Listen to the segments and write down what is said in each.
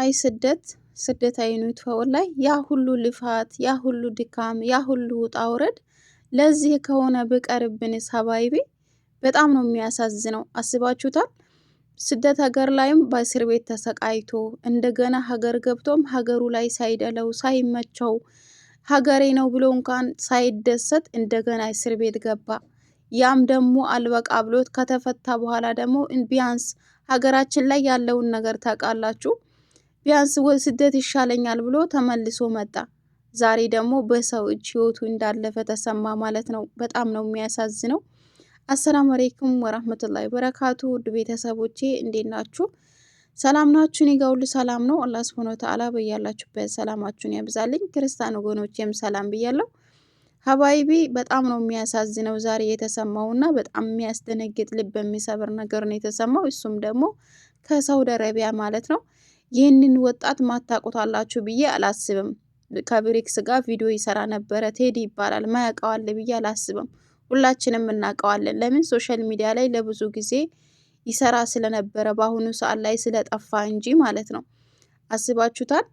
አይ ስደት ስደት አይኑት ላይ ያ ሁሉ ልፋት፣ ያ ሁሉ ድካም፣ ያ ሁሉ ውጣ ውረድ ለዚህ ከሆነ ብቀርብን ሰባይቢ በጣም ነው የሚያሳዝነው። አስባችሁታል? ስደት ሀገር ላይም በእስር ቤት ተሰቃይቶ እንደገና ሀገር ገብቶም ሀገሩ ላይ ሳይደለው ሳይመቸው ሀገሬ ነው ብሎ እንኳን ሳይደሰት እንደገና እስር ቤት ገባ። ያም ደግሞ አልበቃ ብሎት ከተፈታ በኋላ ደግሞ ቢያንስ ሀገራችን ላይ ያለውን ነገር ታውቃላችሁ። ቢያንስ ስደት ይሻለኛል ብሎ ተመልሶ መጣ። ዛሬ ደግሞ በሰው እጅ ህይወቱ እንዳለፈ ተሰማ ማለት ነው። በጣም ነው የሚያሳዝነው። አሰላሙ አለይኩም ወራህመቱላሂ በረካቱ ውድ ቤተሰቦቼ እንዴት ናችሁ? ሰላም ናችሁ? እኔ ጋ ሁሉ ሰላም ነው። አላህ ሱብሐነሁ ወተዓላ በያላችሁበት ሰላማችሁን ያብዛልኝ። ክርስቲያን ወገኖቼም ሰላም ብያለሁ። ሀባይቢ በጣም ነው የሚያሳዝነው ዛሬ የተሰማውና በጣም የሚያስደነግጥ ልብ የሚሰብር ነገር ነው የተሰማው። እሱም ደግሞ ከሳውዲ አረቢያ ማለት ነው ይህንን ወጣት ማታቆታላችሁ ብዬ አላስብም። ከብሬክስ ጋር ቪዲዮ ይሰራ ነበረ ቴዲ ይባላል። ማያውቀዋል ብዬ አላስብም። ሁላችንም እናውቀዋለን። ለምን ሶሻል ሚዲያ ላይ ለብዙ ጊዜ ይሰራ ስለነበረ በአሁኑ ሰዓት ላይ ስለጠፋ እንጂ ማለት ነው። አስባችሁታል።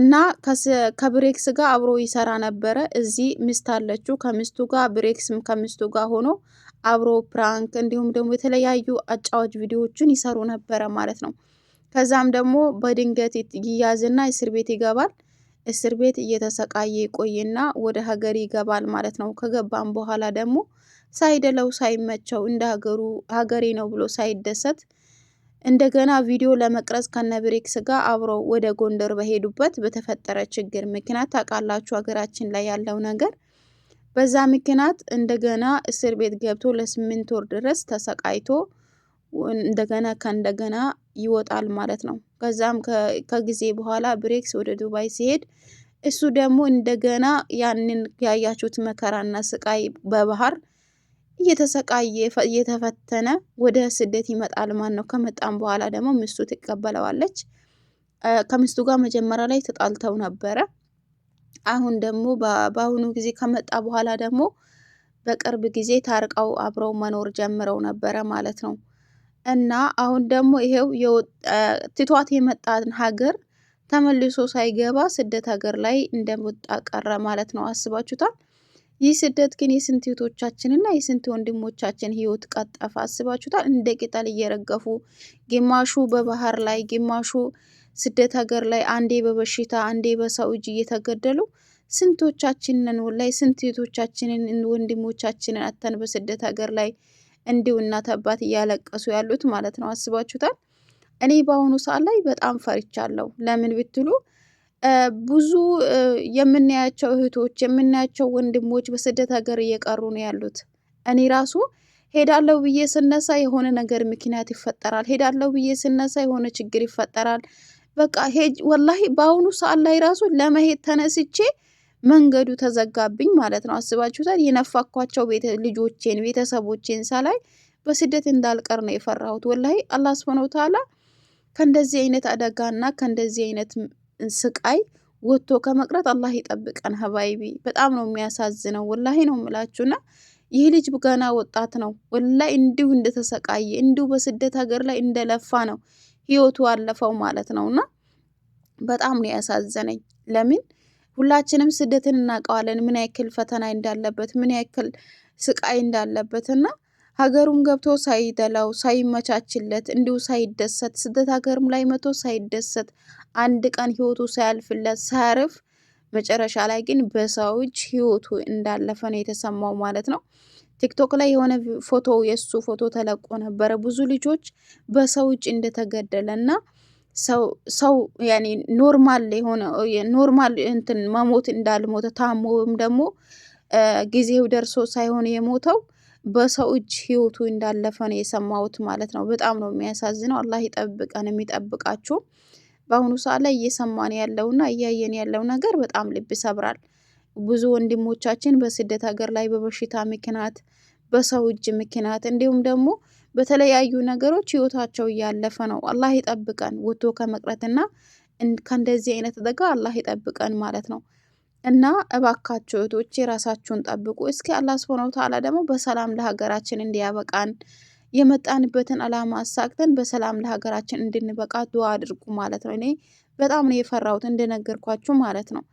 እና ከብሬክስ ጋር አብሮ ይሰራ ነበረ። እዚህ ሚስት አለችው። ከሚስቱ ጋር ብሬክስም ከሚስቱ ጋር ሆኖ አብሮ ፕራንክ እንዲሁም ደግሞ የተለያዩ አጫዋች ቪዲዮዎችን ይሰሩ ነበረ ማለት ነው። ከዛም ደግሞ በድንገት ይያዝና እስር ቤት ይገባል። እስር ቤት እየተሰቃየ ይቆይና ወደ ሀገር ይገባል ማለት ነው። ከገባም በኋላ ደግሞ ሳይደለው ሳይመቸው እንደ ሀገሩ ሀገሬ ነው ብሎ ሳይደሰት እንደገና ቪዲዮ ለመቅረጽ ከነብሬክስ ጋር አብረው ወደ ጎንደር በሄዱበት በተፈጠረ ችግር ምክንያት ታውቃላችሁ ሀገራችን ላይ ያለው ነገር። በዛ ምክንያት እንደገና እስር ቤት ገብቶ ለስምንት ወር ድረስ ተሰቃይቶ እንደገና ከእንደገና ይወጣል ማለት ነው። ከዛም ከጊዜ በኋላ ብሬክስ ወደ ዱባይ ሲሄድ እሱ ደግሞ እንደገና ያንን ያያችሁት መከራና ስቃይ በባህር እየተሰቃየ እየተፈተነ ወደ ስደት ይመጣል ማለት ነው። ከመጣም በኋላ ደግሞ ሚስቱ ትቀበለዋለች። ከሚስቱ ጋር መጀመሪያ ላይ ተጣልተው ነበረ። አሁን ደግሞ በአሁኑ ጊዜ ከመጣ በኋላ ደግሞ በቅርብ ጊዜ ታርቀው አብረው መኖር ጀምረው ነበረ ማለት ነው። እና አሁን ደግሞ ይሄው ትቷት የመጣን ሀገር ተመልሶ ሳይገባ ስደት ሀገር ላይ እንደወጣ ቀረ ማለት ነው። አስባችሁታል? ይህ ስደት ግን የስንት እና የስንት ወንድሞቻችን ህይወት ቀጠፈ። አስባችሁታል? እንደ ቅጠል እየረገፉ ግማሹ በባህር ላይ ግማሹ ስደት ሀገር ላይ አንዴ በበሽታ አንዴ በሰው እጅ እየተገደሉ ስንቶቻችንን ላይ ስንት እህቶቻችንን ወንድሞቻችንን አተን በስደት ሀገር ላይ እንዲሁ እናት አባት እያለቀሱ ያሉት ማለት ነው። አስባችሁታል? እኔ በአሁኑ ሰዓት ላይ በጣም ፈርቻለሁ። ለምን ብትሉ ብዙ የምናያቸው እህቶች የምናያቸው ወንድሞች በስደት ሀገር እየቀሩ ነው ያሉት። እኔ ራሱ ሄዳለሁ ብዬ ስነሳ የሆነ ነገር ምክንያት ይፈጠራል። ሄዳለሁ ብዬ ስነሳ የሆነ ችግር ይፈጠራል። በቃ ሄጅ ወላሂ በአሁኑ ሰዓት ላይ ራሱ ለመሄድ ተነስቼ መንገዱ ተዘጋብኝ ማለት ነው። አስባችሁታል? የነፋኳቸው ልጆቼን ቤተሰቦቼን ሳላይ በስደት እንዳልቀር ነው የፈራሁት። ወላሂ አላህ ሱብሃነሁ ወተዓላ ከእንደዚህ አይነት አደጋና ከእንደዚህ አይነት ስቃይ ወጥቶ ከመቅረት አላህ ይጠብቀን። ሀባይቢ በጣም ነው የሚያሳዝነው። ወላሂ ነው የምላችሁና ይህ ልጅ ገና ወጣት ነው። ወላሂ እንዲሁ እንደተሰቃየ እንዲሁ በስደት ሀገር ላይ እንደለፋ ነው ህይወቱ አለፈው ማለት ነውና በጣም ነው ያሳዘነኝ። ለምን ሁላችንም ስደትን እናውቀዋለን፣ ምን ያክል ፈተና እንዳለበት፣ ምን ያክል ስቃይ እንዳለበት እና ሀገሩም ገብቶ ሳይደላው ሳይመቻችለት እንዲሁ ሳይደሰት ስደት ሀገርም ላይ መቶ ሳይደሰት አንድ ቀን ህይወቱ ሳያልፍለት ሳያርፍ መጨረሻ ላይ ግን በሰው እጅ ህይወቱ እንዳለፈ ነው የተሰማው ማለት ነው። ቲክቶክ ላይ የሆነ ፎቶ የእሱ ፎቶ ተለቆ ነበረ። ብዙ ልጆች በሰው እጅ እንደተገደለ እና ሰው ሰው ያኔ ኖርማል የሆነ ኖርማል እንትን መሞት እንዳልሞተ ታሞ ወይም ደግሞ ጊዜው ደርሶ ሳይሆን የሞተው በሰው እጅ ህይወቱ እንዳለፈ ነው የሰማሁት ማለት ነው። በጣም ነው የሚያሳዝነው። አላህ ይጠብቀን፣ የሚጠብቃችሁ። በአሁኑ ሰዓት ላይ እየሰማን ያለውና እያየን ያለው ነገር በጣም ልብ ይሰብራል። ብዙ ወንድሞቻችን በስደት ሀገር ላይ በበሽታ ምክንያት፣ በሰው እጅ ምክንያት እንዲሁም ደግሞ በተለያዩ ነገሮች ህይወታቸው እያለፈ ነው። አላህ ይጠብቀን ወጥቶ ከመቅረትና ከእንደዚህ አይነት አደጋ አላህ ይጠብቀን ማለት ነው። እና እባካችሁ እህቶች ራሳችሁን ጠብቁ። እስኪ አላህ ሱብሐነሁ ወተዓላ ደግሞ በሰላም ለሀገራችን እንዲያበቃን የመጣንበትን አላማ አሳክተን በሰላም ለሀገራችን እንድንበቃ ዱዓ አድርጉ ማለት ነው። እኔ በጣም ነው የፈራሁት እንደነገርኳችሁ ማለት ነው።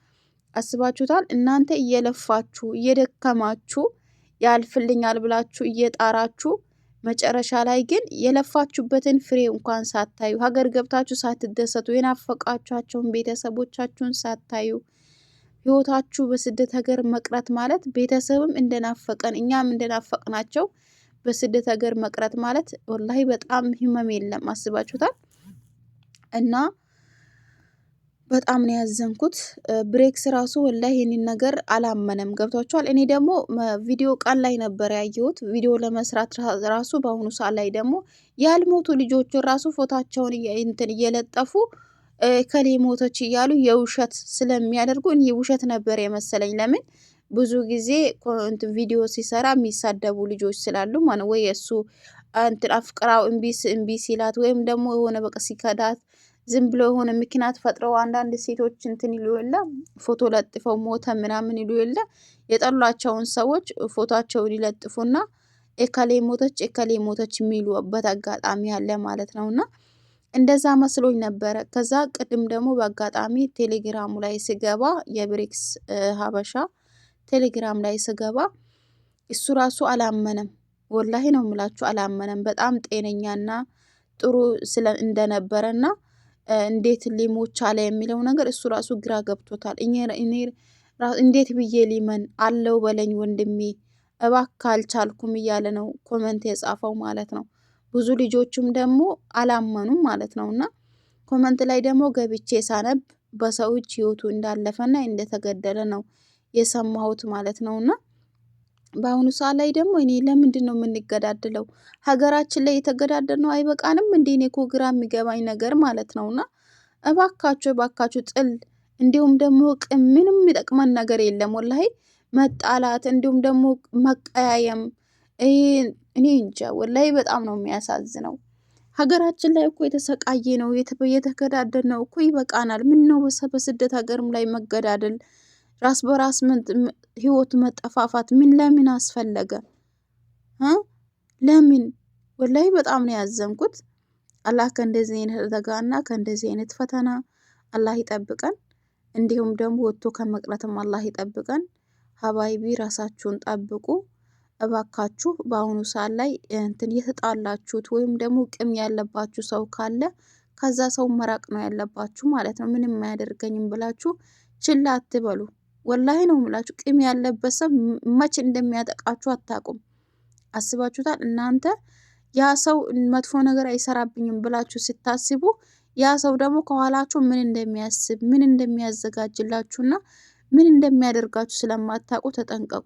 አስባችሁታል? እናንተ እየለፋችሁ እየደከማችሁ ያልፍልኛል ብላችሁ እየጣራችሁ መጨረሻ ላይ ግን የለፋችሁበትን ፍሬ እንኳን ሳታዩ ሀገር ገብታችሁ ሳትደሰቱ የናፈቃችኋቸውን ቤተሰቦቻችሁን ሳታዩ ህይወታችሁ በስደት ሀገር መቅረት ማለት ቤተሰብም እንደናፈቀን እኛም እንደናፈቅናቸው በስደት ሀገር መቅረት ማለት ወላሂ በጣም ህመም የለም። አስባችሁታል እና በጣም ነው ያዘንኩት። ብሬክስ ራሱ ወላሂ ይህንን ነገር አላመነም። ገብቷቸዋል። እኔ ደግሞ ቪዲዮ ቃል ላይ ነበር ያየሁት። ቪዲዮ ለመስራት ራሱ በአሁኑ ሰዓት ላይ ደግሞ ያልሞቱ ልጆችን ራሱ ፎታቸውን እንትን እየለጠፉ ከሌ ሞቶች እያሉ የውሸት ስለሚያደርጉ እኔ ውሸት ነበር የመሰለኝ። ለምን ብዙ ጊዜ ቪዲዮ ሲሰራ የሚሳደቡ ልጆች ስላሉ ማለት ወይ እሱ እንትን አፍቅራው እምቢ እምቢ ሲላት ወይም ደግሞ የሆነ በቃ ሲከዳት ዝም ብሎ የሆነ ምክንያት ፈጥረው አንዳንድ ሴቶች እንትን ይሉ የለ ፎቶ ለጥፈው ሞተ ምናምን ይሉ የለ የጠሏቸውን ሰዎች ፎቶቸውን ይለጥፉና ኤከሌ ሞተች ኤከሌ ሞተች የሚሉበት አጋጣሚ አለ ማለት ነው። እና እንደዛ መስሎኝ ነበረ። ከዛ ቅድም ደግሞ በአጋጣሚ ቴሌግራሙ ላይ ስገባ የብሪክስ ሀበሻ ቴሌግራም ላይ ስገባ እሱ ራሱ አላመነም። ወላሂ ነው ምላችሁ፣ አላመነም። በጣም ጤነኛና ጥሩ እንደነበረና እንዴት ሊሞች አለ የሚለው ነገር እሱ ራሱ ግራ ገብቶታል። እንዴት ብዬ ሊመን አለው በለኝ ወንድሜ እባካ አልቻልኩም እያለ ነው ኮመንት የጻፈው ማለት ነው። ብዙ ልጆችም ደግሞ አላመኑም ማለት ነው። እና ኮመንት ላይ ደግሞ ገብቼ ሳነብ በሰው እጅ ህይወቱ እንዳለፈና እንደተገደለ ነው የሰማሁት ማለት ነው እና በአሁኑ ሰዓት ላይ ደግሞ እኔ ለምንድን ነው የምንገዳደለው? ሀገራችን ላይ ነው አይበቃንም እንዴ? እኔ እኮ ግራ የሚገባኝ ነገር ማለት ነው። እና እባካችሁ እባካችሁ ጥል እንዲሁም ደግሞ ቂም ምንም የሚጠቅመን ነገር የለም። ወላሂ መጣላት እንዲሁም ደግሞ መቀያየም እኔ እንጃ ወላሂ በጣም ነው የሚያሳዝነው። ሀገራችን ላይ እኮ የተሰቃየ ነው የተገዳደል ነው እኮ ይበቃናል። ምን ነው በስደት ሀገርም ላይ መገዳደል ራስ በራስ ህይወት መጠፋፋት ምን ለምን አስፈለገ? ለምን ወላይ በጣም ነው ያዘንኩት። አላህ ከእንደዚህ አይነት አደጋና ከእንደዚህ አይነት ፈተና አላህ ይጠብቀን። እንዲሁም ደግሞ ወጥቶ ከመቅረትም አላህ ይጠብቀን። ሀባይቢ ራሳችሁን ጠብቁ እባካችሁ። በአሁኑ ሰዓት ላይ እንትን የተጣላችሁት ወይም ደግሞ ቂም ያለባችሁ ሰው ካለ ከዛ ሰው መራቅ ነው ያለባችሁ ማለት ነው። ምንም አያደርገኝም ብላችሁ ችላ አትበሉ። ወላሂ ነው ምላችሁ ቂም ያለበት ሰው መቼ እንደሚያጠቃችሁ አታቁም አስባችሁታል እናንተ ያ ሰው መጥፎ ነገር አይሰራብኝም ብላችሁ ስታስቡ ያ ሰው ደግሞ ከኋላችሁ ምን እንደሚያስብ ምን እንደሚያዘጋጅላችሁና ምን እንደሚያደርጋችሁ ስለማታውቁ ተጠንቀቁ።